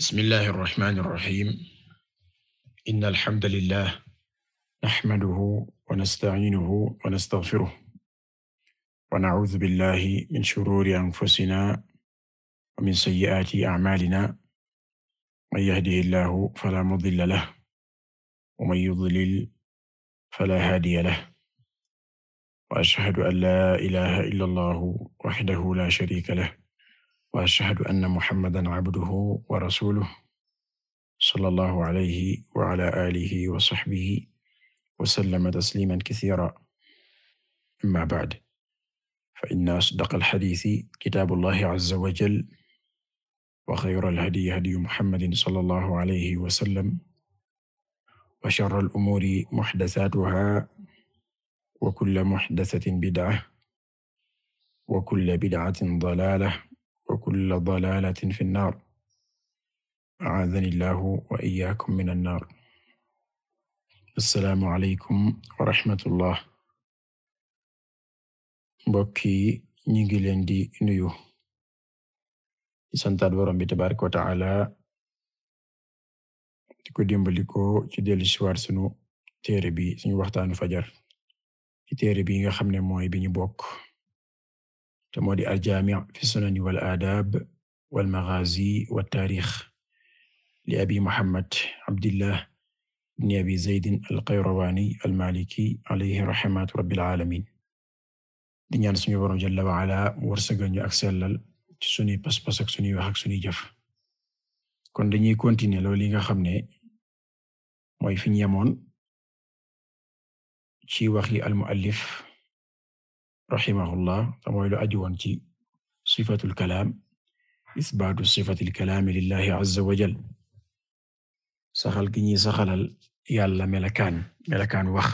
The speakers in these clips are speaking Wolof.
bismillahi irrahmani irrahim inna alhamdalillah naxmaduhu wa nastaciinuhu wa nastaxfiruh wa nacuudu billahi min shuruuri anfusina wa min sayyiaati acmaalina man yahdihi llahu fala mudilla lah wa man yudlil fala haadiya lah wa ashhadu an laa ilaaha illa allahu waxdahu laa shariika lah wa ashhadu anna muhammadan abduhu wa rasuluhu sallallahu alayhi wa ala alihi wa sahbihi wa sallama tasliman kathira amma ba'd fa inna asdaqa alhadithi kitabullahi azza wa jal wa khayra alhadyi hadyu muhammadin sallallahu alayhi wa sallam wa sharra al-umuri muhdathatuha wa kullu muhdathatin bid'a wa kullu bid'atin dalalah wa kulla dalaalatin fi nnaar a'aadani llaahu wa iyyaakum mina nnaar. Assalaamu aleykum wa rahmatullah. Mbokk yi ñu ngi leen di nuyu. Santaat Boroom bi tabaaraka wa ta'aala di ko dimbali ko ci dellu si waat sunu téere bi suñu waxtaanu fajar ci téere bi nga xam ne mooy bi ñu bokk. te moo di fi sunani wal aadaab wal maghaazi wat taariix li abi muhammad abdillah ibn abi zaydin alqayrawaani almaaliki alayhi rahmatu rabbil aalamiin di ñaan suñu borom jalla wa ala mu wërsëgal ñu ak sellal ci suñuy pas-pas ak suñuy wax ak suñuy kon dañuy continuer loolu yi nga xam ne mooy fi ñu yemoon ci waxi almuallif rahimahullah te mooy lu aju woon ci sifatul kalaam isbaatu lillahi azza wa jal saxal gi ñuy saxalal yàlla melakaan melakaan wax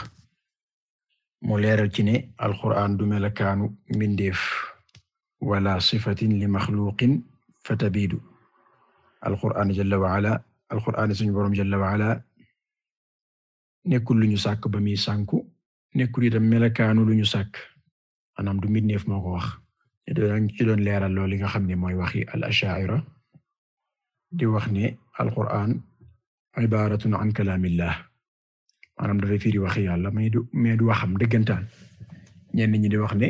mu leeral ci ne alquraan du melakaanu mbindeef wala sifatin li maxluqin fatabidu alquraan jalla wa ala alquraan suñu boroom jalla wa ala lu ñu sàkk ba muy sànku nekkul itam melakaanu lu ñu sàkk maanaam du mbindeef moo ko wax dañ ci doon leeral loolu li nga xam ne mooy waxi al ashaira di wax ne alquran ibaratun an kalaamillah maanaam dafay firi waxi yàlla mais waxam dëggantaan ñenn ñi di wax ne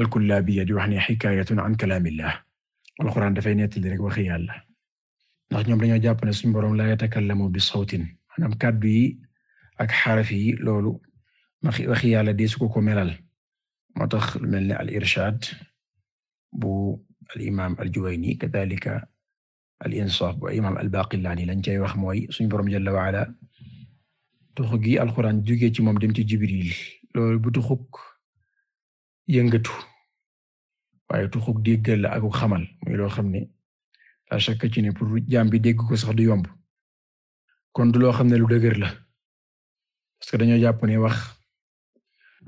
alkullaabiya di wax ne xikaayatun an kalaamillah alquran dafay nettali rek waxi yàlla ndax ñoom dañoo jàpp ne suñu boroom la yatakallamu bi sawtin maanaam kàddu yi ak xaraf loolu waxi yàlla dee su ko melal moo tax lu mel ne al irshaad bu al imaam al juwayni kadhalika al insaaf bu imaam al baqilaani lañ cay wax mooy suñ borom jalla wa ala tuxu gi alquran jógee ci moom dem ci jibril lool bu tuxuk yëngatu waaye tuxuk déggal la ak xamal muy loo xam ne la shakka ci ne bi dégg ko sax du yomb kon loo xam ne lu dëgër la parce que dañoo jàpp ne wax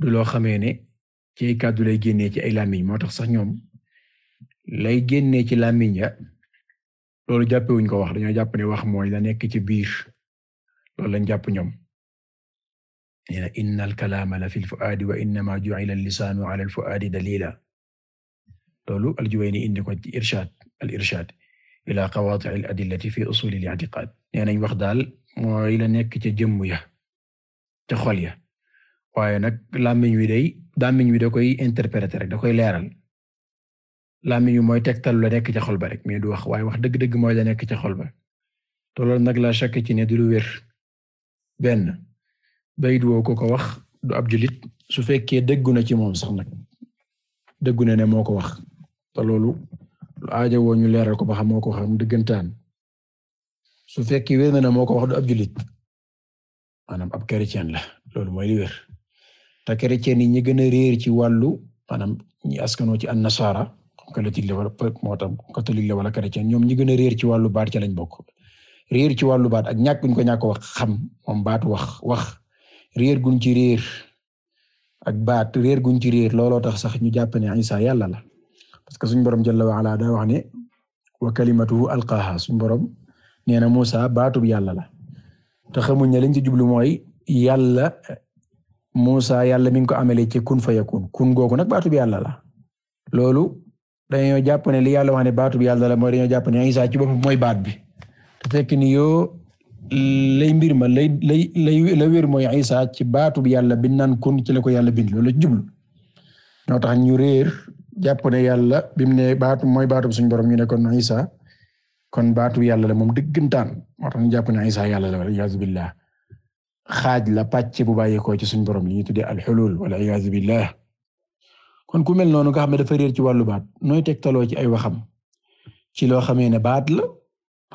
du loo xamee ne. ci ay lay génne ci ay làmmiñ moo tax sax ñoom lay génne ci làmmiñ ya loolu jàppewuñ ko wax dañoo jàpp wax mooy la nekk ci biir loolu lañ jàpp ñoom nee na innal kalaama la fil fuaadi wa innama ju'ila al-lisaanu ala al dalila loolu al-Juwayni indi ko ci irshaad al-irshaad ila qawaati' al-adillati fi usuul al-i'tiqaad nañ wax daal mooy la nekk ca jëmm ya ca xol ya waaye nag làmmiñ wi day làmmiñ wi da koy interpréter rek da koy leeral làmmiñ wi mooy tegtal la nekk ca xol ba rek mais du wax waaye wax dëgg-dëgg mooy la nekk ca xol ba te loolu nag la chaque ci ne du lu wér benn bayit woo ko ko wax du ab julit su fekkee dëggu na ci moom sax nag dëggu na ne moo ko wax te loolu lu aaja woo ñu leeral ko ba xam moo ko xam dëggantaan su fekkee wér na ne moo ko wax du ab julit anam ab chrétien la loolu mooy li wér te chrétien yi ñi gën a réer ci wàllu maanaam ñi askanoo ci an nasara catholique la wala moo tax catholique la wala chrétien ñoom ñi gën a réer ci wàllu baat ci lañ bokk réer ci wàllu baat ak ñàkk guñ ko ñàkk wax xam moom baat wax wax réer guñ ci réer ak baat réer guñ ci réer looloo tax sax ñu jàpp ne sax yàlla la parce que suñu borom jalla wa ala daa wax ne wa kalimatuhu alqaha suñu borom nee na Musa baatub yàlla la xamuñ ne liñ ci jublu mooy yàlla Musa yàlla mi ngi ko amele ci kun fayakun kun googu nag baatu bi yàlla la loolu dañoo jàpp ne li yàlla wax ne baatu bi yàlla la mooy dañoo jàpp ne Isa ci boppam mooy baat bi fekk ni yoo mbir ma lay lay lay la wér mooy ci baatu bi yàlla bi naan kun ci ko yàlla bind loolu jublu tax ñu réer jàpp ne yàlla bi mu ne baatu mooy baatu suñu borom ñu ne kon Isa kon baatu yàlla la moom diggantaan moo tax ñu jàpp ne Isa yàlla la wala yaazu billah xaaj la pàcc bu bàyyeekoo ci suñu borom li ñuy tuddee alxulul wala iyaazu billah kon ku mel noonu nga xam ne dafa réer ci wàllu baat nooy tegtaloo ci ay waxam ci loo xamee ne baat la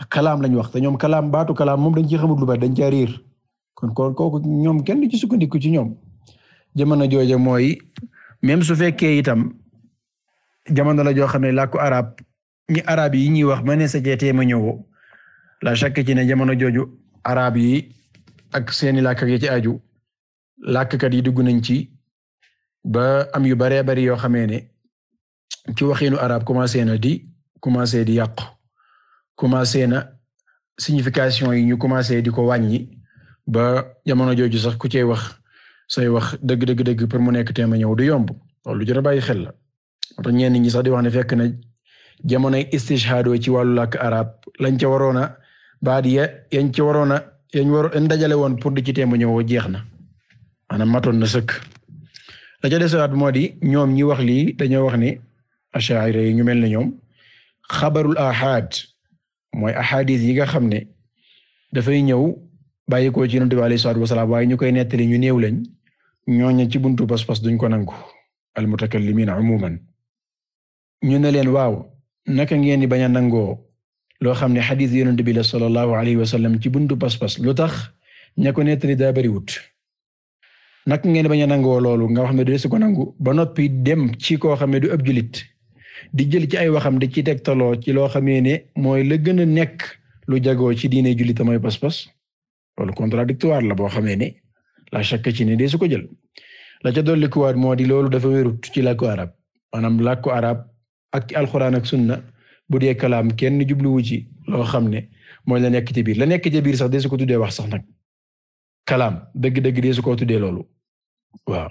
kalaam lañ wax te ñoom kalaam baatu kalaam moom dañ ci xamut lu baat dañ caa réer kon kon kooku ñoom kenn du ci sukkandiku ci ñoom jamono jooja mooy même su fekkee itam jamono la joo xam ne làkku arab ñi arab yi ñuy wax ma ne sa jeetee ma ñëw la chaque ci ne jamono jooju arab yi. ak seeni làkk ya ci aju làkkkat yi dugg nañ ci ba am yu baree bari yoo xamee ne ci waxiinu araab commencé na di commencé di yàqu commencé na signification yi ñu commencé di ko wàññi ba jamono jooju sax ku cey wax say wax dëgg dëgg dëgg pour mu nekk teem a ñëw du yomb loolu lu jar xel la tax ñi sax di wax ne fekk na jamonoy istishhaado ci wàllu làkk arab lañ ca waroon a baat ya yañ ca waroon a yañ war yañ dajale woon pour di ci téemu ñëw o jeex na maanaam matoon na sëkk la ca desewaat moo di ñoom ñi wax lii dañoo wax ni ashaira yi ñu mel ne ñoom xabarul ahad mooy ahadis yi nga xam ne dafay ñëw bàyyi ko ci yonent bi wasalaam waaye ñu koy nettali ñu néew lañ ñooñu ci buntu pas-pas duñ ko nangu al limina umuman ñu ne leen waaw naka ngeen di bañ a nangoo loo xam ne xadiis yonent bi la sallallahu alayhi wa sallam ci buntu pas-pas lu tax ña ko nettali daa bariwut nak ngeen bañ a nangoo loolu nga wax ne du su ko nangu ba noppi dem ci koo xam ne du ab julit di jël ci ay waxam di ci tegtaloo ci loo xamee ne mooy la gën a nekk lu jagoo ci diine jullit mooy pas-pas loolu contradictoire la boo xamee ne la chaque ci ne de su ko jël la ca dolli kuwaat moo di loolu dafa wérut ci làkku arab maanaam ak ci alxuraan ak sunna bu dee kalaam kenn jubluwu ci loo xam ne mooy la nekk ci la nekk ci biir sax dee su ko tuddee wax sax nag kalaam dëgg-dëgg dee su ko tuddee loolu waaw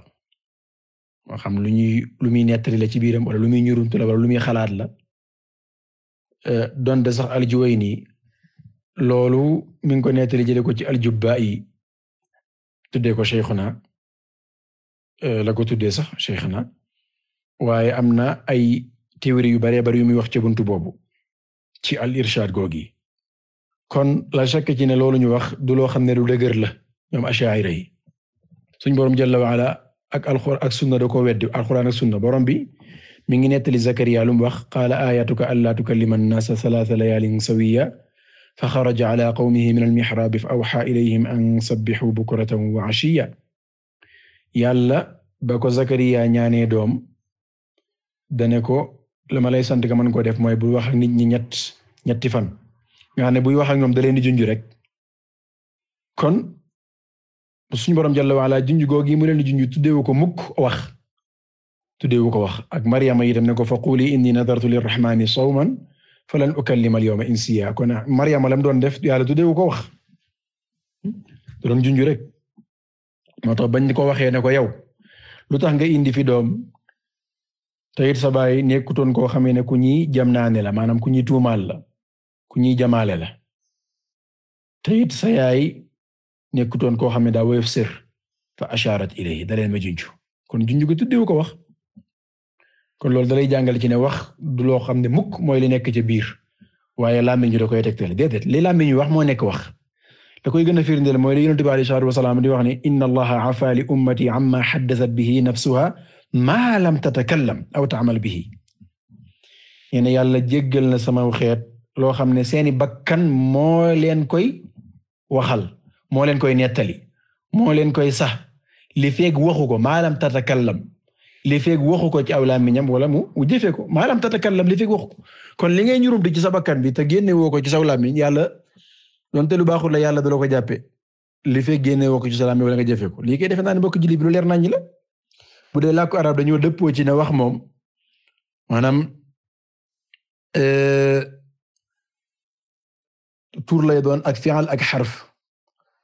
moo xam lu ñuy lu muy nettali la ci biiram wala lu muy ñurumtu la wala lu muy xalaat la euh, donte sax al-Juwayni loolu mi ko nettali jële ko ci al-Jubba'i tuddee ko Cheikhuna euh, la ko tuddee sax Cheikhuna waaye am na ay théorie yu baree bari yu muy wax ci buntu boobu ci al irshad googi kon la shakk ci ne loolu ñu wax du loo xam ne du dëgër la ñoom ashaira yi suñ borom jalla wa ala ak alxuraan ak sunna da koo weddi alxuraan ak sunna borom bi mi ngi nettali Zakariya lu mu wax qaala ayatuka allaa tukallima annaasa salaasa layaalin sawiya fa xaraja ala qawmihi min almixraabi fa awxaa ilayhim an sabbixuu bukratan wa ashiya yàlla ba ko Zakariya ñaanee doom dane ko la ma lay sant nga mën koo def mooy buy wax ak nit ñi ñett ñetti fan nga xam buy wax ak ñoom da leen di junj rek kon suñu borom Jalla waala junj googi mu leen di junj tuddeewu ko mukk wax tuddeewu ko wax ak Maryama itam ne ko fa quli soow man fa sawman falan ukallima al-yawma insiya kon Maryama lam doon def yàlla tuddeewu ko wax da doon junj rek moo bañ ko waxee ne ko yow lu tax nga indi te it sa baay nekkutoon koo xamee ne ku ñuy jam naane la maanaam ku ñuy tuumaal la ku ñuy jamaale la te it nekkutoon koo xam ne daa woyof sër fa asharat ilayhi da leen ma kon junju gi tuddewu ko wax kon loolu dalay jàngal ci ne wax du loo xam ne mukk mooy li nekk ci biir waaye làmmiñ ñu da koy tegtale déedéet li làmmiñ ñu wax moo nekk wax da koy gën a firndeel mooy li Yonent bi alayhi salaam di wax ne inna allaha afa li ummati amma haddathat bihi nafsuha maa lam tatakallam aw taamal bihi nee yàlla jéggal na sama xeet loo xam ne seeni bakkan moo leen koy waxal moo leen koy nettali moo leen koy sax li feeg waxu ko maa lam tatakallam li feeg waxu ko ci aw làmmiñam wala mu mu jëfee ko maa lam tatakallam li feeg waxu ko kon li ngay ñurumtu ci sa bakkan bi te génne woo ko ci saw làmmiñ yàlla donte lu baaxul la yàlla da la ko jàppee li feeg génne woo ko ci sa làmmiñ wala nga jëfee ko lii koy defe naa ne mbokk julli bi lu leer nañ la bu dee làkku arab dañoo dëppoo ci ne wax moom maanaam euh, tur lay doon ak fi'al ak xarf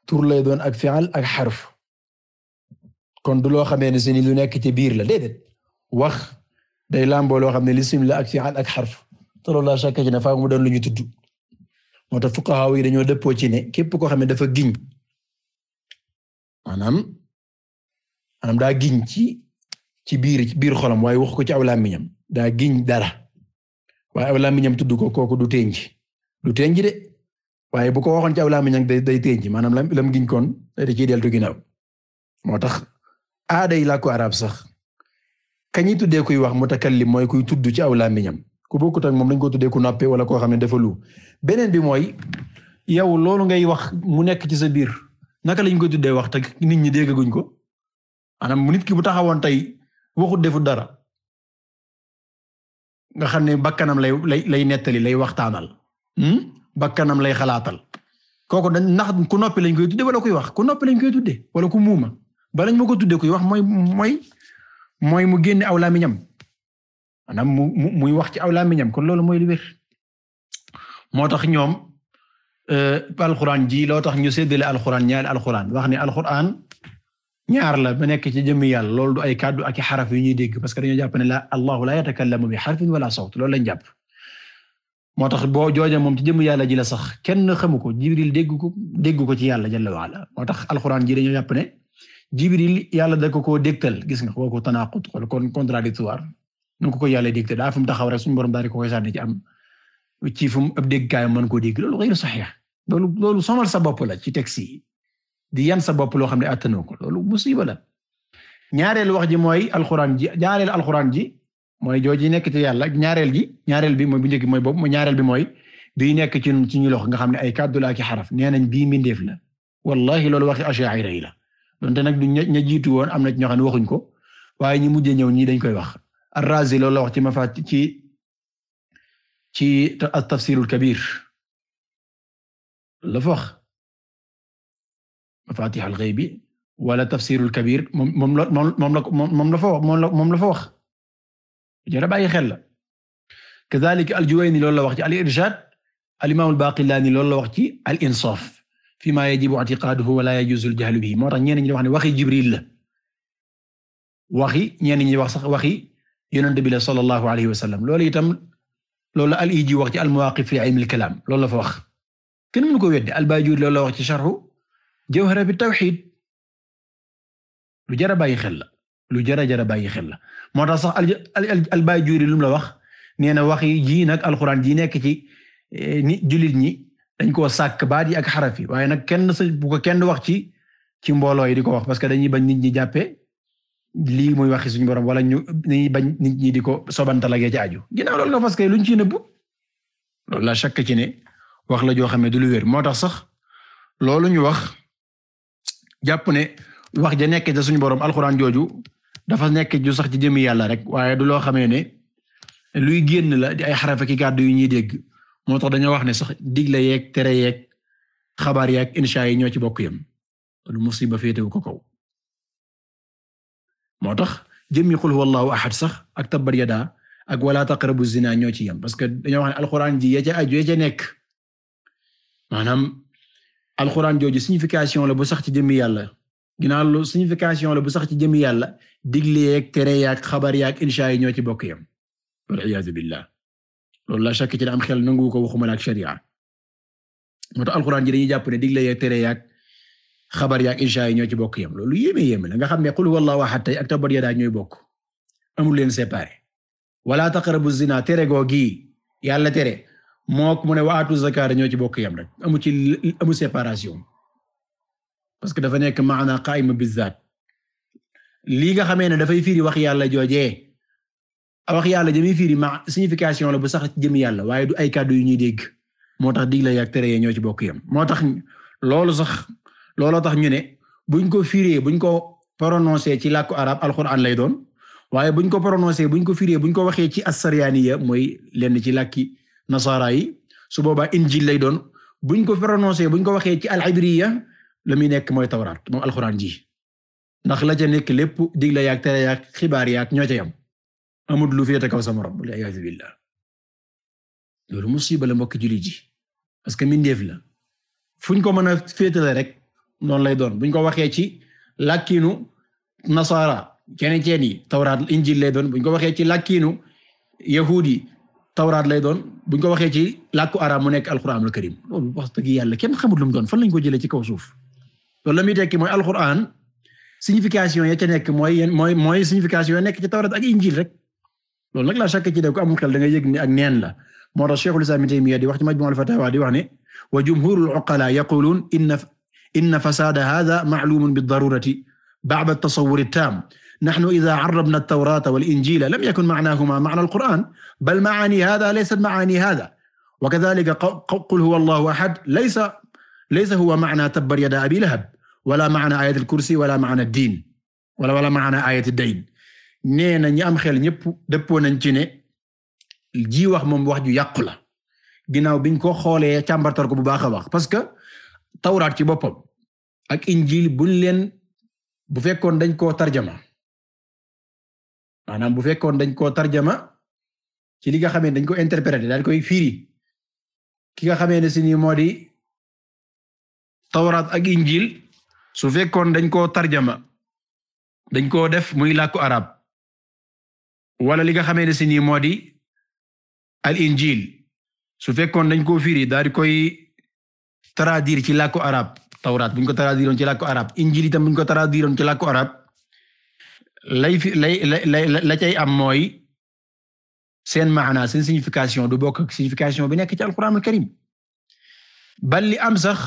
tuur lay doon ak fi'al ak xarf kon du loo xamee ne si ni lu nekk ci biir la déedéet wax day làmboo loo xam ne lisim la ak fi'al ak xarf te loolu laa shakka ci mu doon lu ñu tudd moo tax fuqaha yi dañoo dëppoo ci ne képp koo xam ne dafa giñ maanaam maanaam daa giñ ci biir ci biir xolam waaye wax ko ci aw làmmiñam daa giñ dara waaye aw làmmiñam tudd ko kooku du teenj du teenj de waaye bu ko waxoon ci aw làmmiñam day day teenj maanaam lam lam giñ koon da ciy deltu ginnaaw moo tax aaday làkku arab sax kañi tuddee kuy wax mu mutakallim mooy kuy tudd ci aw làmmiñam ku bokkut ak moom dañ ko tuddee ku noppe wala koo xam ne dafa beneen bi mooy yow loolu ngay wax mu nekk ci sa biir naka lañ ko tuddee wax te nit ñi déggaguñ ko tey waxut defut dara nga xam ne bakkanam lay lay nettali lay waxtaanal hmm? bakkanam lay xalaatal kooku dañ ndax ku noppi lañ koy tudde wala koy wax ku noppi lañ koy tudde wala ku muma balañ ma ko tudde koy wax mooy mooy mu génne aw làmmiñam maanaam mu mu muy wax ci aw làmmiñam kon loolu mooy lu wér moo tax ñoom euh, alxuraan ji loo tax ñu séddale alxuraan ñaari alxuraan wax ne alxuraan ñaar la ba nekk ci jëmm yàlla lool du ay kàddu ak i xaraf yu ñuy dégg parce que dañoo jàpp ne la allahu la yatakallamu bi xarfin wala sawt loolu moo tax boo jooja moom ci jëmmi yàlla ji la sax kenn xamu ko jibril dégg ko dégg ko ci yàlla jalla waala moo tax alxuraan ji dañoo jàpp ne jibril yàlla da koo dégtal gis nga kooku tanaqut wala kon contradictoire nu ko ko yàlla dégtal daa fu mu taxaw rek suñu borom daal di ko koy am ci fu mu ab dégg kaay mën koo dégg loolu xëy na loolu loolu somal sa bopp la ci texte yi di yan sa bopp loo xam ne attanoo ko loolu musiba la ñaareelu wax ji mooy alxuraan ji ñaareelu alxuraan ji mooy jooji nekk ci yàlla ñaareel gi ñaareel bi mooy bu njëkk mooy boobu mooy ñaareel bi mooy bii nekk ci ci ñu loxo nga xam ne ay kàddu la ki xaraf nee nañ bii mindeef la wallahi loolu waxi ash'ari yi la donte nag du ña jiitu woon am na ci ñoo xam ne waxuñ ko waaye ñu mujjee ñëw ñii dañ koy wax ar-Razi loolu la wax ci mafaat ci ci at-Tafsir al-Kabir la wax mafatixul ghaybi wala tafsirul kabir moom moom la moom la moom la fa wax moom la fa wax jërë bàyyi xel la kadhalika al-Juwayni loolu la wax ci al-Irshad al-imam al-Baqillani loolu la wax ci al-Insaf fima yajibu i'tiqaduhu wa la yajuzu al-jahlu bihi moo tax ñenn ñi wax ne waxi Jibril la waxi ñenn ñi wax sax waxi Yonent bi la sallallahu alayhi wa sallam loolu itam loolu la al-Iji wax ci al-Mawaqif fi ilm al-kalam loolu la fa wax kenn mënu ko weddi al-Bajuri loolu la wax ci sharh jawhara bi tawxiid lu jara bàyyi xel la lu jara jara bàyyi xel la moo tax sax al-Baajuuri lu la wax nee na wax yi ji nag alxuraan ji nekk ci eh, ni jullit ñi dañ koo sàkk baat yi ak xaraf yi waaye nag kenn sa bu ko kenn wax ci ci mbooloo yi di ko wax parce que dañuy bañ nit ñi jàppee lii mooy waxi suñu borom wala ñu dañuy bañ nit ñi di ko sobantalagee ci aju ginnaaw loolu la parce que luñ ci nëbbu loolu la chàkk ci ne wax la joo xam lu wér moo tax sax loolu ñu wax. jàpp ne wax ja nekk ca suñu borom alxuraan jooju dafa nekk ju sax ci jëmi yàlla rek waaye du loo xamee ne luy génn la di ay xarafa ki kàddu yu ñuy dégg moo tax dañoo wax ne sax digg la yeeg tere yeeg xabaar yeeg insha yi ñoo ci bokk yam lu musiba féetewu ko kaw moo tax jëmmi qul huwallahu ahad sax ak tabbat yadaa ak wala taqrabu zina ñoo ci yam parce que dañoo wax ne alxuraan ji ya ca aju ya nekk maanaam alxuraan jooju signification la bu sax ci jëmmi yàlla ginnaaw lu signification la bu sax ci jëmmi yàlla digle yeeg tere yaag xabar yaak insha yi ñoo ci bokk yam wal iyaazu billah loolu la shakk ci am xel nangu ko waxuma la ak moo tax alxuraan ji ñu jàpp ne digle yeeg tere yaag xabar yaag insha yi ñoo ci bokk yam loolu yéeme yéeme la nga xam ne qul huwallahu ahad tey ak tabbat yadaa ñooy bokk amul leen wala taqrabu zina tere googi yàlla tere mook mu ne waatu zakaat ñoo ci bokk yam rek amu ci amu séparation parce que dafa nekk maana qaayima bizaat lii nga xamee ne dafay firi wax yàlla joojee wax yàlla jëmi firi ma signification la bu sax jëm yàlla waaye du ay kàddu yu ñuy dégg moo tax digle yaak tere yee ñoo ci bokk yam moo tax loolu sax looloo tax ñu ne buñ ko firee buñ ko prononcé ci làkku arab alxuraan lay doon waaye buñ ko prononcé buñ ko firee buñ ko waxee ci assariyaaniya mooy lenn ci làkki nasaara yi su boobaa injil lay doon buñ ko prononcé buñ ko waxee ci al la muy nekk mooy tawraat moom alxuraan ji ndax la ca nekk lépp digla yaag tere yaag xibaar yaag ñoo ca yam amul lu féete kaw sama rob wala iyaazu billah loolu musiba la mbokk julli ji parce que mi mindeef la fuñ ko mën a féetale rek noonu lay doon buñ ko waxee ci làkkiinu nasaara keneen yi tawraat injil lay doon buñ ko waxee ci làkkiinu yahudi tawraat lay doon buñ ko waxee ci làkku araab mu nekk alquranul karim loolu wax dëgg yàlla kenn xamut lu mu doon fan lañ ko jëlee ci kaw suuf loolu la muy tekki mooy alquran signification ya nekk mooy mooy mooy signification ya nekk ci tawraat ak injil lool loolu nag la chaque ci def ko amul xel da nga yëg ni ak neen la moo tax Cheikhul Islam Ibn Taymiyya di wax ci Majmu'ul Fatawa di wax ne wa jumhurul uqala yaqulun inna inna fasada hadha ma'lumun bid-darurati ba'da at-tasawwur at-tam نحن إذا عربنا التوراة والإنجيل لم يكن معناهما معنى القرآن بل معاني هذا ليست معاني هذا وكذلك قل هو الله أحد ليس ليس هو معنى تبر يد أبي لهب ولا معنى آية الكرسي ولا معنى الدين wala wala maanaa ayati dayn nee na ñi am xel ñëpp dëppoo nañ ci ne ji wax moom wax ju yàqu la ginnaaw biñ ko xoolee càmbartar ko bu baax a wax parce que tawraat ci boppam ak injil buñ leen bu fekkoon dañ koo tarjama maanaam bu fekkoon dañ koo tarjama ci li nga xamee dañ ko interpréter daal koy firi ki nga xamee ne si nii moo di tawraat ak injil su fekkoon dañ koo tarjama dañ koo def muy làkku arab wala li nga xamee ne si nii moo di al injil su fekkoon dañ koo firi daal di koy traduire ci lakk arab tawraat buñ ko traduiroon ci làkku arab injil itam buñ ko traduiroon ci làkku arab lay fi lay lay la cay am mooy seen maanaa signification du bokk ak signification bi nekk ci alquranul karim li am sax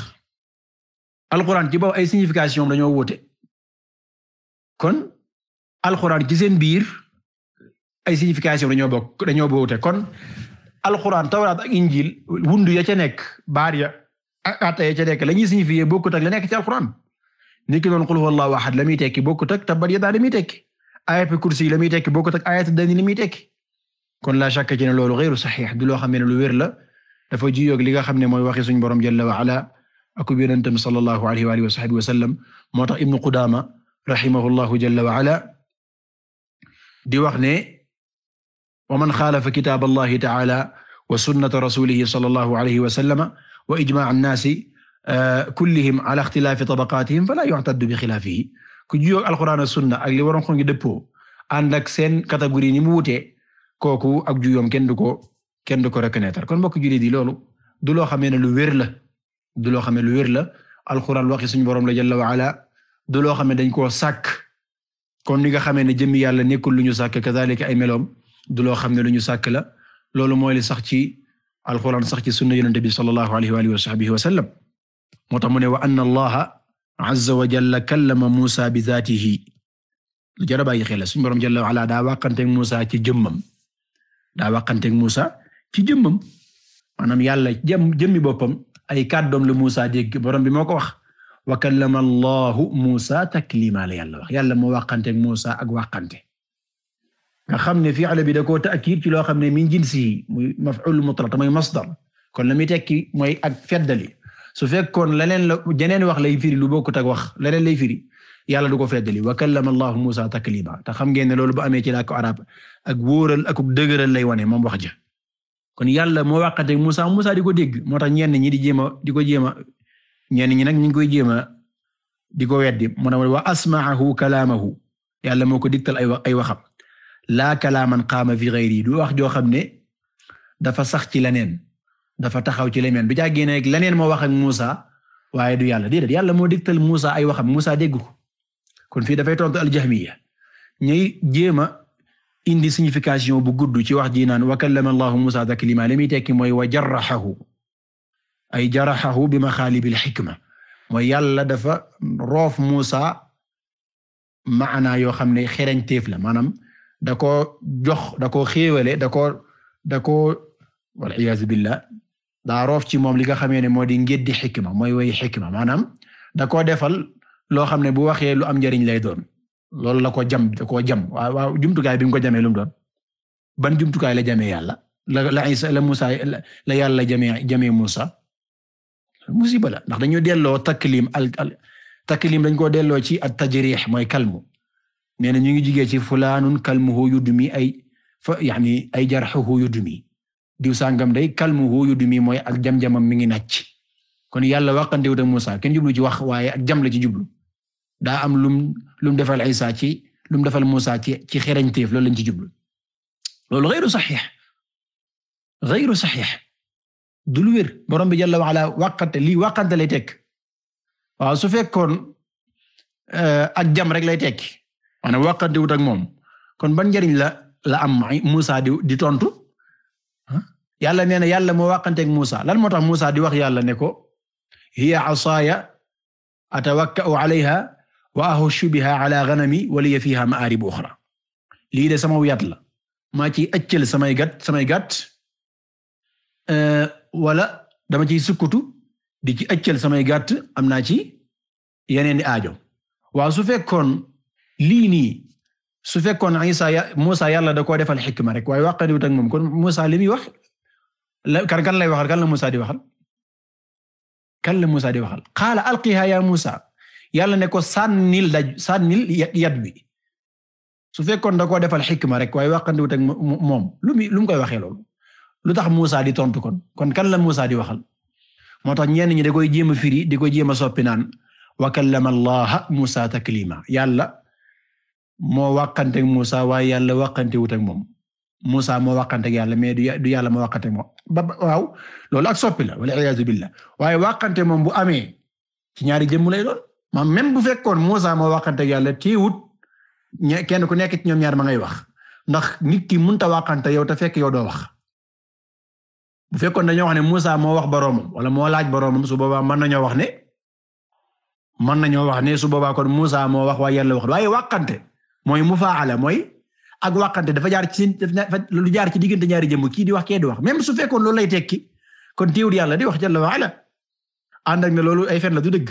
alquran ci boobu ay signification dañoo wute kon alquran ci seen biir ay signification dañoo bokk dañoo wute kon alquran tawraat a injil wundu ya ca nekk baar ya ak atta ya nekk la ñuy signifié bokkut ak la nekk ci alquran niki noonu qul huwallahu ahad la muy tekki bokkut ak tabbat yadaa la muy tekki ayatul kursi yi la muy tekki bokkut ak ayatul dani li muy tekki kon la shakka ci ne loolu xeyru saxiix du loo xam ne lu wér la dafa jiyoog li nga xam ne mooy waxi suñu borom jalla wa ala ak yonentam sallallahu alayhi wa alihi wa sahbihi wa sallam moo tax ibnu Qudaama rahimahullahu jalla wa ala di wax ne wa man xaalafa kitaab allahi taala wa sunnata rasulihi sallallahu alayhi wa sallama wa ijmaa annaasi kullihim ala ixtilaafi tabaqaatihim fala yu'taddu bi xilaafihi ku juyoog alxuraan a sunna ak li waroon xongi dëppoo ànd ak seen catégorie ni mu wutee kooku ak juyoom kenn du ko kenn du ko reconnaître kon mbokk jullit yi loolu du loo xamee ne lu wér la du loo xamee lu wér la alxuraan waxi suñu borom la jalla wa ala du loo xamee dañ koo sàkk kon ni nga xamee ne jëmmi yàlla nekkul lu ñu sàkk kazalika ay meloom du loo xam ne lu ñu sàkk la loolu mooy li sax ci alxuraan sax ci sunna yonente bi sallallahu alayhi wa alihi wa sahbihi wa sallam azza wa jalla kallama Musa bi zaatihi lu jar a bàyyi xel suñu borom jalla wala daa waqanteeg Musa ci jëmmam daa waqanteeg Musa ci jëmmam maanaam yàlla jëm jëmmi boppam ay kàddoom la Musa dégg borom bi moo ko wax wa kallama Allahu Musa taklima la yàlla wax yàlla moo waqanteeg Musa ak waqante nga xam ne fi'l bi da koo ta'kiid ci loo xam ne min jinsihi muy maf'ul mutlaq mooy masdar kon la muy tekki mooy ak feddali su fekkoon leneen la jeneen wax lay firi lu bokkut ak wax leneen lay firi yàlla du ko feddali wa kallama allahu Musa taklima te xam ngeen ne loolu boo amee ci làkku arab ak wóoral ak dëgëral lay wane moom wax ja kon yàlla moo wàqateeg Musa Musa di ko dégg moo ta ñenn ñi di jéem a di ko jéem a ñi nag ñu ngi koy jéem a di ko weddi mu ne wa asma'ahu kalaamahu yàlla moo ko digtal ay ay waxam laa kalaaman qaama fi ghayri du wax joo xam ne dafa sax ci leneen dafa taxaw ci leneen bi jàggee ne leneen moo wax ak Musa waaye du yàlla déedéet yàlla moo digtal Musa ay waxam Musa dégg ko kon fii dafay tontu al-Jahmiyya ñuy jéem a indi signification bu gudd ci wax ji naan wa kallama Allahu Musa taklima li muy tekki mooy wa jaraxahu ay jaraxahu bi maxaalibil xikma mooy yàlla dafa roof Musa maanaa yoo xam ne xereñteef la maanaam dako jox da koo xéewale da koo wal iyaazu billah daa roof ci moom li nga xamee ne moo di ngéddi xikma mooy woy xikma maanaam da koo defal loo xam ne bu waxee lu am njariñ lay doon loolu la ko jam koo jam waaw waaw jumtukaay bi mu ko jamee lu doon ban jumtukaay la jamee yàlla la la Isa la Musa la yàlla jamee jamee Musa musiba la ndax dañu delloo taklim al al taklim dañ koo delloo ci at tajrih mooy kalmu nee na ñu ngi jigee ci fulaanun kalmuhu yudmi ay fa yani ay jarhuhu yudmi diw sangam day kalmuhu yudumi mooy ak jam-jamam mi ngi nàcc kon yàlla waxantewu ak Musa kenn jublu ci wax waaye ak jam la ci jublu daa am lum lum defal Isa ci lum defal Musa ci ci xerañteef loolu lañ ci jublu loolu xayru saxiix xayru du lu borom bi jalla waala waqante lii waqante lay tekk waaw su fekkoon eh, ak jam rek lay tekki maanaam waqantewut ak moom kon ban njariñ la la am Musa di tontu. yàlla nee na yàlla moo wàqanteeg Muusa lan moo tax Muusa di wax yàlla ne ko hiya asaaya atawakka'u alayha wa ahushu biha ala ghanami wa liya fiha ma'arib ukhra lii de sama yat la maa ciy ëccël samay gat samay gàtt euh, wala dama ciy sukkutu di ci ëccël samay gàtt am naa ci yeneen i ajo wa su fekkoon lii nii su fekkoon Muusa yàlla da koo defal xikma rek waaye wàqandiwut ak moom Muusa li wax la kan lay waxal kan la Musa di waxal kan la Musa di waxal kaala alqiha ya Musa yàlla ne ko sànnil daj sànnil yat bi su fekkoon da koo defal xikma rek waaye waxandiwut ak moom lu mu koy waxee loolu lu tax Musa di tontu kon kon kan la Musa di waxal moo tax ñenn ñi da koy jéem a firi di ko jéem a soppi naan wa kallama Allaha Musa taklima yàlla moo waxante ak Musa waaye yàlla waxandiwut ak moom. Moussa moo waqante ak yàlla mais du yàlla moo waqante moom ba waaw loolu ak soppi la wala iyaazu billah waaye waqante moom bu amee ñaari jëmm lay doon même bu fekkoon Moussa moo waqante yàlla teewut ñe kenn ku nekk ci ñoom ñaar ma ngay wax ndax nit ki mënut a waqante yow te fekk yow doo wax. bu fekkoon dañoo ne Moussa moo wax boroomam wala moo laaj boroomam su boobaa mën nañoo wax ne mën nañoo wax ne su boobaa kon Moussa moo wax waaye yàlla wax waaye waqante mooy mufaala mooy. ak waxante dafa jaar ci lu jaar ci diggante ñaari jëmm kii di wax kee di wax même su fekkoon loolu lay tekki kon teewul yàlla di wax jalla wa ala ànd ak ne loolu ay fen la du dëgg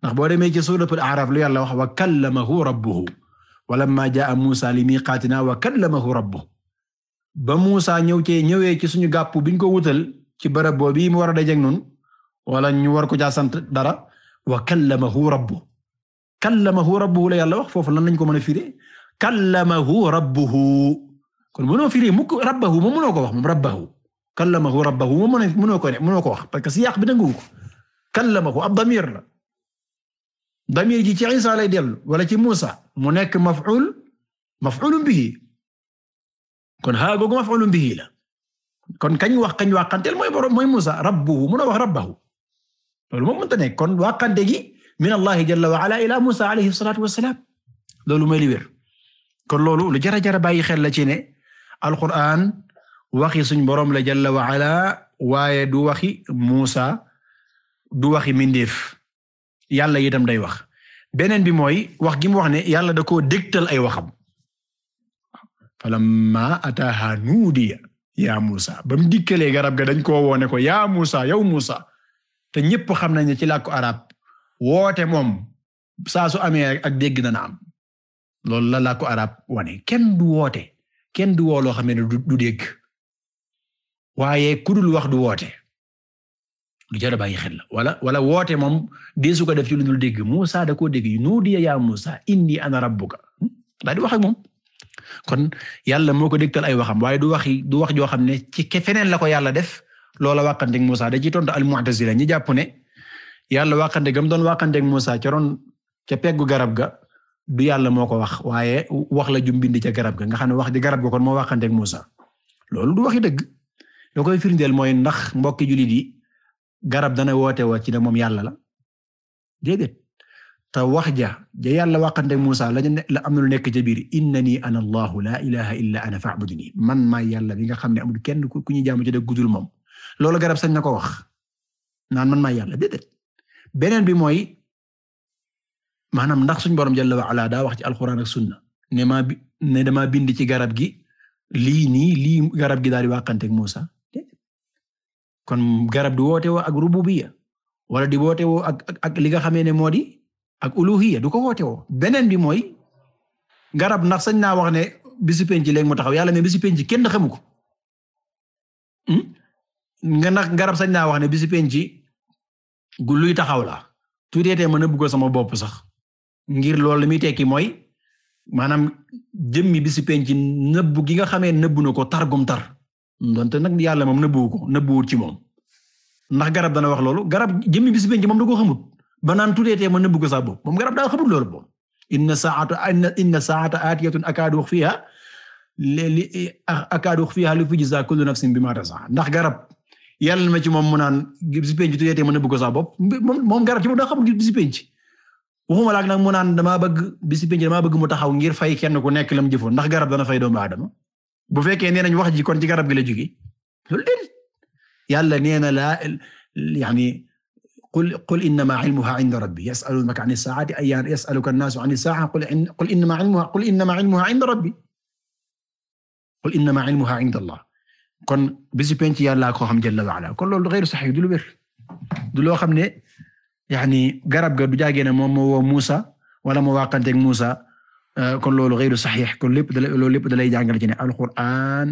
ndax boo demee ci suuratul A'raaf lu yàlla wax wa kallamahu rabbuhu wa lammaa jaa'a Muusaa li miiqaatinaa wa kallamahu rabbuhu ba Muusaa ñëw cee ñëwee ci suñu gàpp biñ ko wutal ci barab boobu mu war a dajeeg noonu wala ñu war ko caa sant dara wa kallamahu rabbuhu kallamahu rabbuhu la yàlla wax foofu lan lañ ko mën a firé kallamahu rabbuhu kon mënoo firi mukk rabbahu moom mënoo ko wax moom rabbahu kallamahu rabbahu moom mënoo ko mënoo ko wax parce que siyaq bi nangu ko kallamahu ab damir la damir ji ci Isa lay dellu wala ci Musa mu nekk maf'ul maf'ulun bihi kon haa googu maf'ulun bihi la kon kañ wax kañ waqanteel mooy borom mooy Musa rabbuhu mënoo wax rabbahu loolu moom mënta nekk kon waqante gi min Allah jalla wa ala ila Musa alayhi salatu wassalam loolu mooy li wér kon loolu lu jara jara bàyyi xel la ci ne alquran waxi suñ boroom la jalla wa ala waaye du waxi Muusa du waxi mindeef yàlla itam day wax beneen bi mooy wax gi wax ne yàlla da koo dégtal ay waxam falamma ataaha nuudiya yaa Muusa ba dikkalee garab ga dañ koo woone ko yaa Muusa yow Muusa te ñépp xam nañ ne ci làkku arab woote moom saa su amee ak dégg dana am loolu la laa ko arab wane kenn du woote kenn du woo loo xam ne du dégg waaye ku wax du woote lu jar a bàyyi xel la wala wala woote moom deesu ko def ci lu dul dégg Musa da koo dégg nuudiya yaa Musa inni ana rabbuka hmm? daa di wax ak moom kon yàlla moo ko dégtal ay waxam waaye du waxi du wax joo xam ne ci feneen la ko yàlla def loola wàqanteeg Musa da ci tontu al mu'tazila ñi jàpp ne yàlla wàqante gam doon wàqanteeg Musa ca roon ca peggu garab ga. du yàlla moo ko wax waaye wax la jum bind ca garab ga nga xam ne wax di garab ga kon moo waxanteeg Muusa loolu du waxi dëgg loo koy firndeel mooy ndax mbokki jullit yi garab dana woote woo ci ne moom yàlla la déedéet wax ja ja yàlla waxanteeg Muusa la la am na lu nekk ca biir innani ana allahu la ilaha illa ana fa'budni man maa yàlla bi nga xam ne amul kenn ku ñu jaamu ci dëgg gudul moom loolu garab sañ na ko wax naan man maa yàlla beneen bi mooy maanaam ndax suñu borom jalla wa ala daa wax ci alxuraan ak sunna ne maa bi ne damaa bind ci garab gi lii nii lii garab gi daal di wàqanteeg Muusa kon garab di woote woo ak rububiyya wala di woote woo ak ak li nga xamee ne moo di ak uluhiyya du ko woote woo beneen bi mooy garab ndax sañ naa wax ne bisu penc léegi mu taxaw yàlla mais bisu penc kenn xamu ko hmm? nga ndax garab sañ naa wax ne bisi penc gu luy taxaw la tuuti tey mën a bëgg sama bopp sax. ngir loolu li muy tekki mooy maanaam jëmmi bi si penc nëbbu gi nga xamee nëbbu na ko targum tar ndont nag yàlla moom nëbbuwu ko nëbbuwut ci moom ndax garab dana wax loolu garab jëmmi bi si penc moom da koo xamut ba naan tudeetee ma nëbbu ko sax boobu moom garab daa xamut loolu boobu inna saata inna saata aatiyatun akaadu uxfiha li akaadu uxfiha li tujzaa kullu nafsin bimaa tasaa ndax garab yàlla ma ci moom mu naan bi si penc tudeetee ma nëbbu ko sax boobu moom garab ci moom daa xamut bi si penc waxuma laak nag mu naan damaa bëgg bisi penc damaa bëgg mu taxaw ngir fay kenn ku nekk lam jëfoon ndax garab dana fay doomu aadama bu fekkee nee nañ wax ji kon ci garab gi la jóge loolu déedéet yàlla nee na laa yani qul qul innama ilmuha inda rabbi yasalunaka an isaati ayyan yasaluka annaasu an isaa qul innama ilmuha qul innama ilmuha inda rabbi qul innama ilmuha inda allah kon bisi penc yàlla koo xam jalla wa ala kon loolu xeyru sax du lu wér du loo xam ne yani garab ga du jaage ne moom moo woo Musa wala moo waaqanteeg Musa euh, kon loolu ghayru sahih kon lépp da loolu lépp da lay jàngal ci ne alquran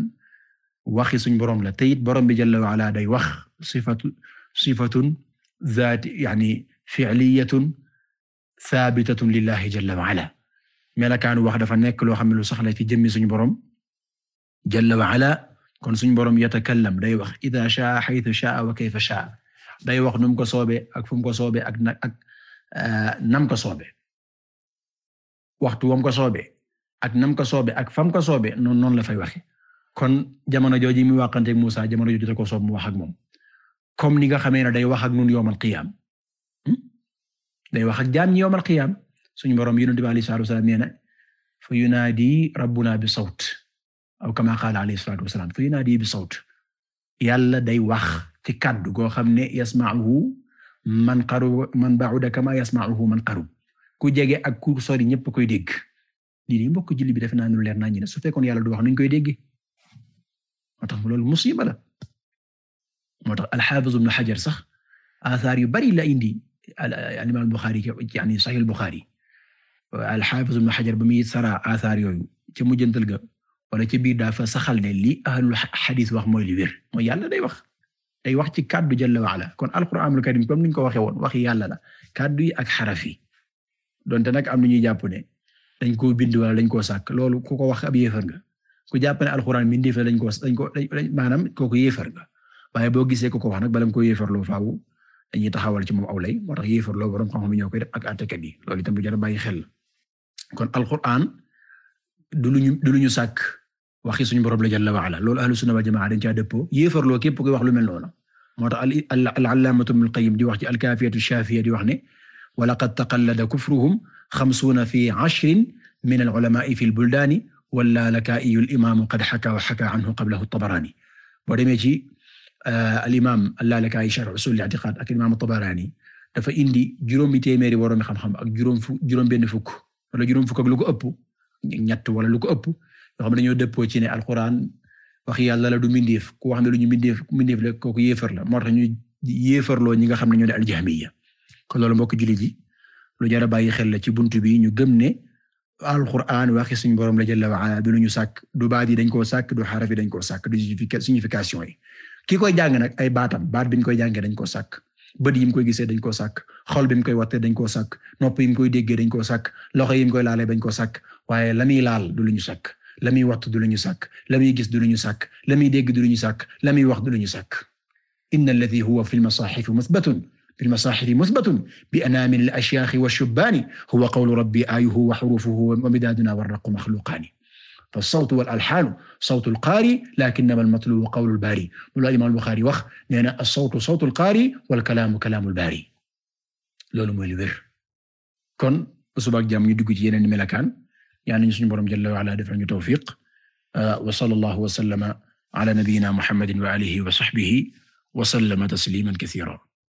waxi suñ borom la te it borom bi jalla wa ala day wax sifatu sifatun zaati yani fi'liyatun thabitatun lillahi jalla wa ala melakaanu wax dafa nekk loo xam ne lu saxla ci jëmmi suñu borom jalla wa ala kon suñu borom yatakallam day wax idha sha'a haythu sha'a wa kayfa sha'a day wax nu mu ko soobee ak fu mu ko soobee ak na ak eh, nam ko soobe waxtu wam ko soobee ak nam ko soobee ak fam ko soobee noonu noonu la fay waxe kon jamono jooji mi waxante ak Musa jamono jooji da ko soob mu wax ak moom comme ni nga xamee ne day wax ak nun yowmal qiyaam hmm? day wax ak jaam ñi yowmal qiyaam suñu borom yonent bi alayhi salaatu wa salaam nee na fa yunaadi rabbuna bi sawt aw kama qaala alayhi salaatu wa salaam fa yunaadi bi sawt day wax ci kaddu goo xam ne yasma'uhu man qaru man ba'uda kama yasma'uhu man qaru ku jege ak ku sori ñëpp koy dégg lii yi mbokk julli bi def naa nu leer naa ñu ne su fekkoon yàlla du wax nuñ koy dégg moo tax loolu musiba la moo tax al-Hafiz Ibn Hajar sax athar yu bari la indi al-Imam al-Bukhari yani Sahih al-Bukhari al-Hafiz ba muy sara athar yooyu ca mujjantal ga wala ci biir daa fa saxal ne li ahlul hadith wax mooy li wér mooy yàlla day wax day wax ci kaddu jalla waala kon alquranul karim comme niñ ko waxee woon waxi yàlla la kaddu yi ak xaraf donte nag am na ñuy jàpp ne dañ koo bind wala dañ koo sàkk loolu ko ko wax ab yéefar nga ku jàpp ne alquran mbindeef la dañ koo dañ ko maanaam kooku yéefar nga waaye boo gisee ku ko wax nag bala nga ko yéefarloo faaw dañuy taxawal ci moom aw lay moo tax yéefarloo borom xam-xam ñoo koy def ak àttekat yi loolu itam lu jar a bàyyi xel kon alquran du luñu du luñu waxi suñu borom la jalla wa ala loolu ahlu sunna wal jamaa dañ caa dëppoo yéefarloo képp koy wax lu mel noonu moo tax al-allaamatu Ibnul Qayyim di wax ci al-Kaafiyatu Shaafiya di wax ne wa laqad taqallada kufruhum xamsuuna fi ashrin min al-ulamaa'i fi al-buldaani wallaalakaa'iyu al-imaamu qad xakaa wa xakaa anhu qablahu at-Tabaraani boo demee ci euh, al-imaam allaalakaa'i sharh usuul al-i'tiqaad ak al-imaam at-Tabaraani dafa indi juróomi téeméeri boroomi xam-xam ak juróom fu juróom benn fukk wala juróom fukk ak lu ko ëpp ñett wala lu ko ëpp yoo xam dañoo dëppoo ci ne alxuraan wax yàlla la du mindeef ku wax ne lu ñu mindeef mindeef la kooku yéefar la moo tax ñu yéefarloo ñi nga xam ne ñoo ne aljahmiya kon loolu mbokk jullit yi lu jar a bàyyi xel la ci bunt bi ñu gëm ne alxuraan waxi suñu borom la jalla wa ala lu ñu sàkk du baat yi dañ koo sàkk du xaraf yi dañ koo sàkk du signification yi ki koy jàng nag ay baatam baat bi koy jàngee dañ koo sàkk bët yi mu koy gisee dañ koo sàkk xol bi mu koy wattee dañ koo sàkk nopp yi mu koy déggee dañ koo sàkk loxo yi mu koy laalee dañ koo sàkk waaye la laal du lu ñu sàkk la muy wattu du lu ñu sàkk la muy gis du lu ñu sàkk la muy dégg du lu ñu sàkk la muy wax du lu ñu sàkk inna alladi huwa fi lmasaaxifi musbatun fi lmasaaxifi musbatun bi anaamin al ashyaaxi wa shubbaani huwa qawlu rabbi aayuhu wa xurufuhu wa midaaduna warraqu maxluqaani fa sawtu wal alxaalu sawtu alqaari lakinama almatlubu qawlu albaari loolu imaam albuxaari wax nee na asawtu sawtu alqaari walkalaamu kalaamu albaari loolu mooy lu wér kon subaak jàmm ñu dugg ci yeneen melakaan yàlla nañu suñu borom jalla wa ala defal ñu tawfiq wa sallallahu wa sallama ala nabiyyina muhammadin wa alihi wa sahbihi wa sallama tasliman kathira